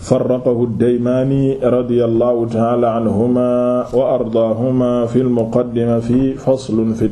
farraqahu ad-Daymaani radiyallahu ta'ala anhuma fi al-muqaddima fi faslun fi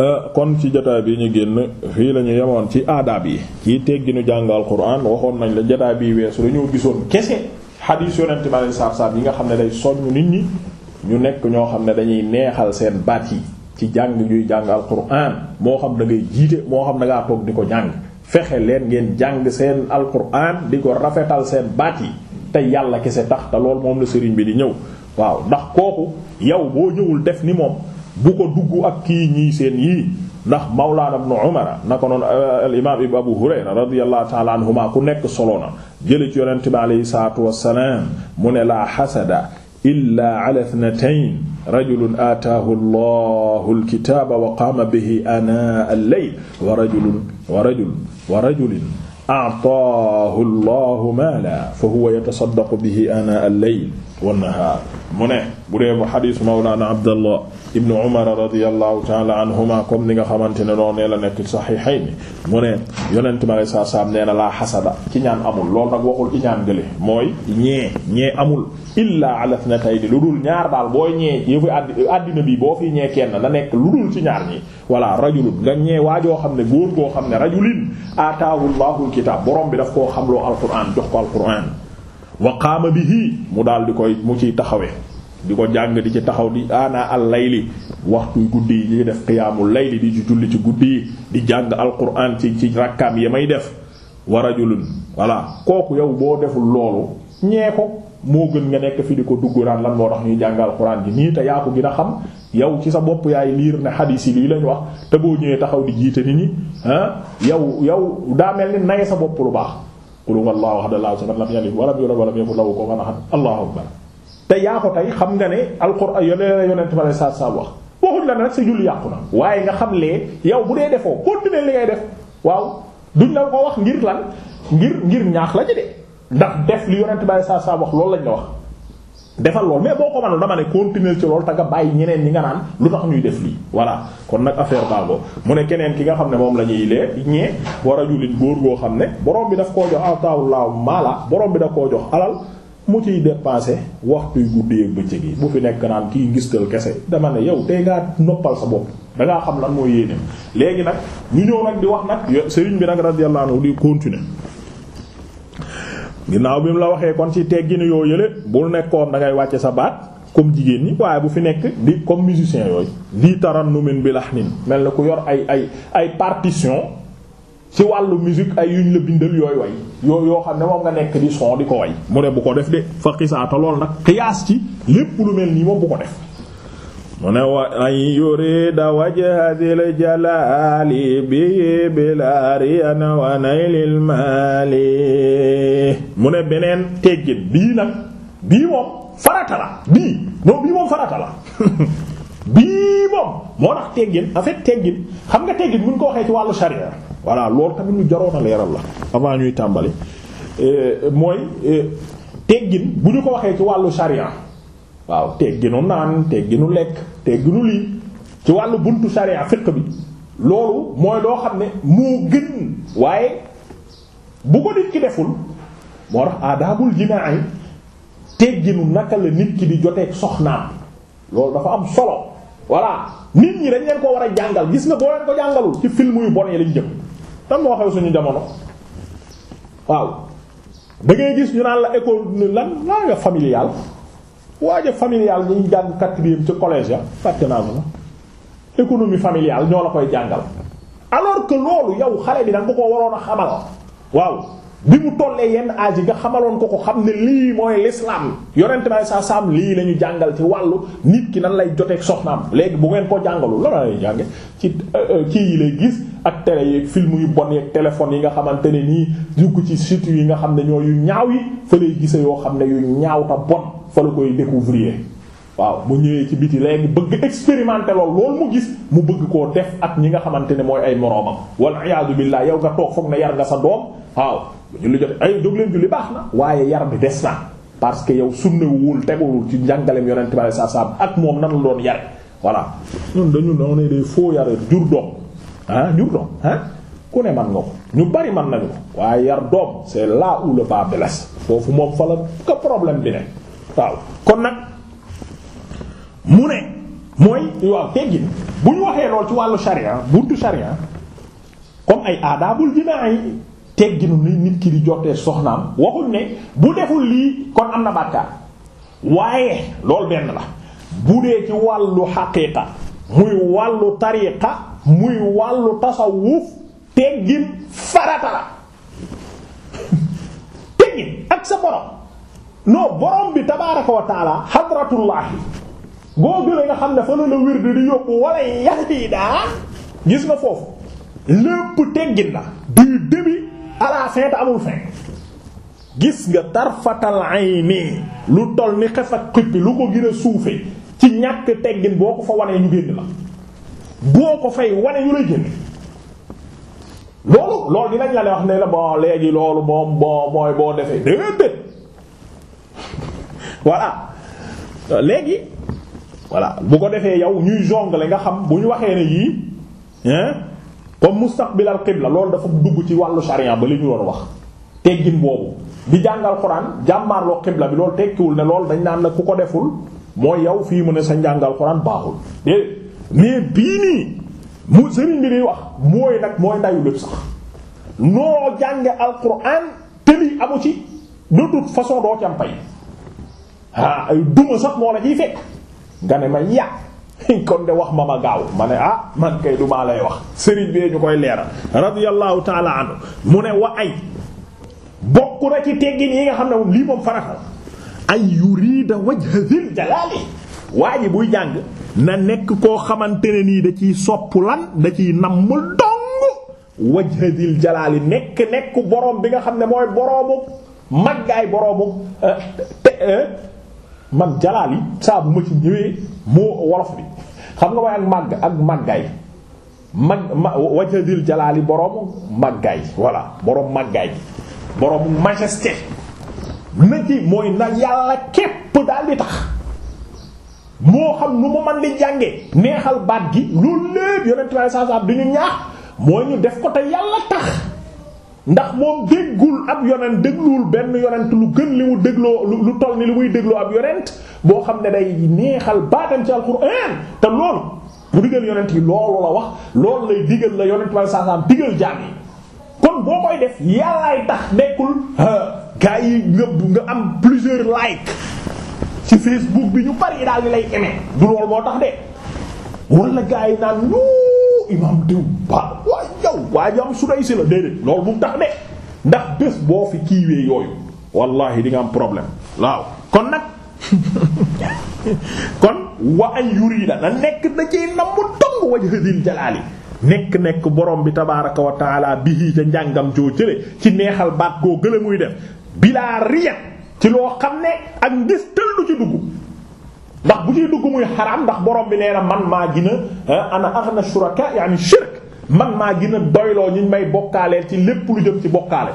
at kon ci jotaay bi ñu génn fii la ñu ci aadaab yi ci tegginu jàng alquran waxoon nañ la jotaay bi weesu dañoo gisoon kese xadiis yonente bi alei saab yi nga xam ne day soññ nit ñi ñu nekk ñoo xam ne dañuy neexal seen baat yi ci jàng ñuy jàng alquran moo xam da ngay jiite moo xam da ngaa toog di ko jàng fexe leen ngeen jàng seen alquran di ko rafetal seen baat yi te yàlla kese tax te loolu moom la sëriñ bi di ñëw waaw ndax kooku yow boo ñëwul def ni moom bu ko dugg ak kii ñii seen yii ndax mawlaana ibnu umara na ko noon euh, al imaam ibnu abu hurayra radiyallahu taala anhuma ku nekk solo na jële ci yonente bi aleyhi salaatu wassalaam mu ne laa xasada illaa ala ithnatayn rajulun aataahu allahu alkitaaba wa qaama bihi anaa al-layl wa rajulun wa rajulun wa rajulun aataahu allahu maalan fa huwa yatasaddaqu bihi anaa al-layl wan nahaar mu ne bu dee bu xadiis mawlaana Abdallah ibnu umar radiallahu taala anhuma comme ni nga xamante ne noonu nee la nekk saxiixay ni mu ne yonent mi alay saa salaam na laa xasada ci ñaan amul loolu nag waxul iñaan gële mooy ñee ñee amul illaa ala thnatayni lu dul ñaar daal booy ñee yëfu àddina bi boo fi ñee kenn na nekk lu dul ci ñaar ñi walla rajulun nga ñee waajoo xam ne góor koo xam ne rajulin ataahu llaahu kitaab borom bi daf koo xamloo alquran jox ko alquran wa qaama bihi mu daal di koy mu ciy taxawee di ko jàng di ci taxaw di ana al layli waxtu guddi yi ñu def qiyaamul layli di ci julli ci guddi yi di jàng alquran ci ci rakkaam ya may def wa rajulun voilà kooku yow boo deful loolu ñee ko moo gën nga nekk fi di ko dugg naan lan moo tax ñuy jàng alquran ji nii te yaa ko gën a xam yow ci sa bopp yaay liir ne xadiis yi lii lañ wax te boo ñëwee taxaw di jiite nit ñi ah yow yow daa mel ni nay sa bopp lu baax qul huwallahu ahad allahu samad lam yalid walam yulad walam yakul lahu kufuwan ahad allahu akbar te yaa ko tey xam nga ne alxuraan yonee la yonent ba lay saab saab wax waxut la ne rek sa julli yàqu na waaye nga xam lee yow bu dee defoo continuer li ngay def waaw duñ la ko wax ngir lan ngir ngir ñaax la ndax def li yonent ba lay saab saab loolu lañ la wax defal lool mais boo ko mënoon dama ne continuer ci lool te nga bàyyi ñi nga naan lu tax ñuy def lii voilà kon nag affaire baago mu ne keneen ki nga xam ne moom la ñuy lee ñee war a jullit góor goo xam ne borom bi daf koo jox atawullahu maala borom bi daf koo jox alal mu ciy wax waxtuy guddee bëccëg yi bu fi nekk naan kii ngistal kese dama ne yow tey ngaa noppal sa bopp dangaa xam lan mooy yéene léegi nag ñu ñëw nag di wax nag sëriñ bi nag radiyallahu anhu di continuer ginnaaw bi mu la waxee kon ci tegginu yoo yële bul nekkoon da ngay wàcce sa baat comme jigéen ñi waaye bu fi nekk di comme musicien yooyu lii taran numin bi lax nin mel na ku yor ay ay ay partition ci wàllu musique ay yuñ la bindal yooyu way yoo yoo xam ne moom nga nekk di son di ko way mu ne bu ko def de fa xisaata lool nag xiyaas ci lépp lu mel nii moom bu ko def mu ne beneen teggin bii nag bii moom farata la bii moom bii moom farata la bii moom moo tax teggin en teggin xam nga teggin buñ ko waxee ci wàllu sharia voilà loolu tamit lu jaroon a leeral la avant ñuy tàmbali euh, mooy euh, teggin bu ñu ko waxee ci wàllu sharia waaw tegginu naan tegginu lekk tegginu lii ci wàllu buntu sharia fiqh bi loolu mooy doo xam ne moo gën waaye bu ko nit ki deful moo tax aadaabul jinaa tegginu naka la nit ki di joteeg soxnaam loolu dafa am solo voilà nit ñi dañ leen ko war a jàngal gis nga boo leen ko jàngalul ci film yu bon lañ jëm tam moo xew suñu jamono waaw da ngay gis ñu naan la école lan laa nga familial waaja familial ñuy jàng quatrième ci collège ya fàtte naa ko économie familiale ñoo la koy jàngal alors que loolu yow xale bi da nga ko waroon a xamal waaw bi mu tollee yenn âge yi nga xamaloon ko ko xam ne lii mooy l'islam yonent bi saa saam lii la ñu jàngal ci wàllu nit ki nan lay joteeg soxnaam léegi bu ngeen ko jàngalu la lay jànge ci euh, euh, kii yi lay gis ak télé yeeg film yu bon yeeg téléphone yi nga xamante ne nii dugg ci site yi nga xam ne ñoo yu ñaaw yi fa lay gisee yoo xam ne yu ñaaw ta bon fa la koy découvrir waaw mu ñëwee ci biti léegi bëgg expérimenter lool loolu mu gis mu bëgg koo def ak ñi nga xamante ne mooy ay moroomam wal iyaadu billaah yow nga toog foog na yar nga sa bu julli jot ay jóg leen julli baax na waaye yar bi des na parce que yow sunnawul teguwul ci njàngaleem yonent bi saa saa ak moom nan la doon yare voilà ñun dañu doon ne des faux yareur jur doom ah, jur doom ah. ku ne man nga ko ñu bari man nañu ko waaye yar doom c'est là où le bas foofu moom fa la ko problème bi ne waaw kon nag mu ne mooy waaw teggin bu waxee lool ci wàllu sharia buntu sharia comme ay aadaabul jinaa yi tegginu ni nit ki di jotee soxnaam waxuñ ne bu deful lii kon am na bàkkaar waaye loolu benn la bu dee ci wàllu xaqiiqa muy wàllu tariqa muy wàllu tasawuf teggin farata la teggin ak sa borom non borom bi tabaaraka wa taala hadratullahi boo gëlee nga xam ne fa la la wird di yóbbu wala yahdi daa gis nga foofu lépp teggin la du début ala saint amul fin gis nga tarfatal ayni lu toll ni xef ak xippi lu ko gën a ci ñàkk teggin boo ko fa wanee ñu génn la boo ko fay wane ñu lay génn loolu lool dinañ la ne wax ne la bon léegi loolu moom bon mooy boo defee déedéet voilà léegi voilà bu ko defee yow ñuy jongle nga xam bu ñu waxee ne yii comme mustaqbilal qibla loolu dafa dugg ci wàllu sharia ba li ñu doon wax teggin boobu di jàngal xuraan jàmmaarloo qibla bi loolu tekkiwul ne lool dañ naan na ku ko deful moo yow fii mu ne sa njàngal xuraan baaxul déedéet mais bii nii mu sëriñ bi di wax mooy nag mooy ndayu lépp sax noo jànge alquran te lii amu ci de toute façon doo ci am pay ah ay duma sax moo la ciy fekk nga ne ma yàq kon de wax ma ma gaaw ma ne ah man kay du maa lay wax sëriñ bee ñu koy leeral radiyallahu taala anhu mu ne wa ay bokk na ci teggin yi nga xam ne moom lii moom farata ay yurida wajha dhil jalali waa ji buy jàng na nekk koo xamante ne nii da ciy soppu lan da ciy nammul dong wajha dhil nekk nekk borom bi nga xam ne mooy boroomu maggaay boroomu eh, eh, mag jalaal yi saa ma ci ñëwee moo wolof bi xam nga waaye ak màgg ak màggaay mag ma wajadil jalaali boroomu màggaay voilà boroom màggaay boroomu majesté na ci mooy na yàlla képp daal di tax moo xam nu mu man di jànge neexal baat gi loolu lépp yonent bi sallallahu alayhi di ñu ñaax mooy ñu def ko te yàlla tax ndax moom déggul ab yonent dégluwul benn yonent lu gën li mu dégloo lu toll ni li muy dégloo ab yonent boo xam ne day neexal baatam ci alxuraan te loolu mu digal yonent yi loolu la wax loolu lay digal la yonent ba saasaam digal jaam yi kon boo koy def yàllaay tax nekkul gaa yi nga am plusieurs like ci Facebook bi ñu bari daal di lay aimé du loolu moo tax de wala gaa yi naan imam diw ba waay yow waa jam suday si la déedéet loolu bu mu tax de ndax bés boo fi kiiwee yooyu wallahi di am problème waaw kon nag kon wa an yurida na nekk da ciy nam mu dong wajha dil jalaali nekk nekk borom bi tabaaraka wa taala bihi ca njàngam joo jële ci neexal baat koo gële muy def bilaa riyat ci loo xam ne ak ngis tëllu ci dugg bu ci dugg muy xaraam ndax borom bi nee na man maa gina eh, ana aghna shuraka yani shirk man maa gina doyloo ñu may bokkaaleel ci lépp lu jëm ci bokkaale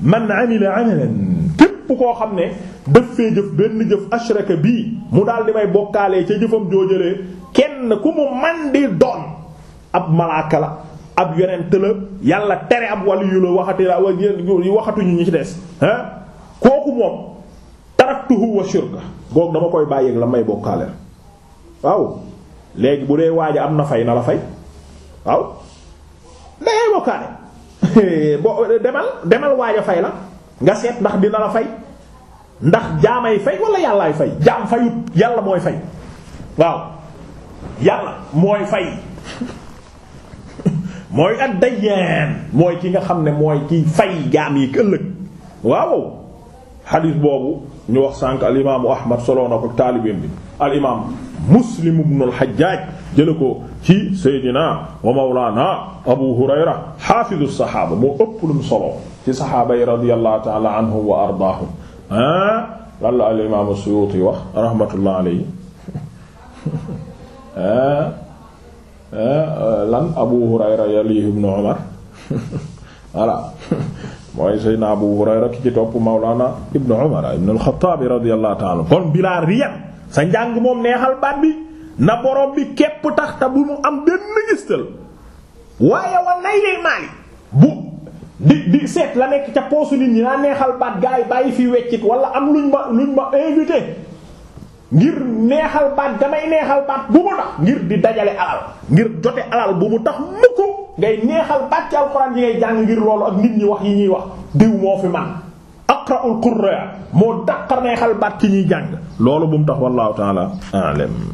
man amila amalan képp koo xam ne daf fee jëf benn jëf ashraka bii mu daal di may bokkaalee ca jëfam joojalee kenn ku mu man di doon ab malaaka la ab yonent la yàlla tere ab waliyu la waxati waxatuñu ñu ci des eh. kooku moom taraktuhu wa goog dama koy bàyyeeg la may bokkaale waaw léegi bu dee waaja am na fay na la fay waaw dangay bokkaale bo demal demal waaja fay la nga seet ndax dina la fay ndax jaamay fay wala yàllaay fay jaam fayut yàlla mooy fay waaw yàlla mooy fay mooy ak dayyeen mooy ki nga xam ne mooy kiy fay jaam yi ëllëg waaw xadiis boobu ñu wax sànq al imaamu ahmad soloo na ko taalibeem bi al imaam muslim ibn al hajjaj jële ko ci seydina wa mawlana abu hurayra xaafidu saxaaba moo ëpp lu mu soloo ci saxaaba yi radiyallahu taala anhum wa ardaahum ah lan la al imaamu suyuti wax rahmatullah alayhi ah, ah, lan abu hurayra yalihi ibn umar voilà mooy na Abu Hurayra ki ci topp Mawlana Ibn Umar Ibn al-Khattab radiyallahu kon bilaa riyan sa njàng moom neexal baat bi na borom bi képp tax te bu mu am benn ngistal waaye wa nay lay maali bu di di seet la nekk ca poosu nit ñi naa neexal baat gaa yi bàyyi fi weccit wala am luñ ma luñ ma invité ngir neexal baat damay neexal baat bu mu tax ngir di dajale alal ngir jote alal bu mu tax mukk ngay neexal bàcc alxuraan yi ngay jàng ngir loolu ak nit ñi wax yi ñuy wax diw moo fi man aqra'ul qurra moo daqar neexal bàcc ñuy jàng loolu bu mu tax wallahu ta'ala a'lam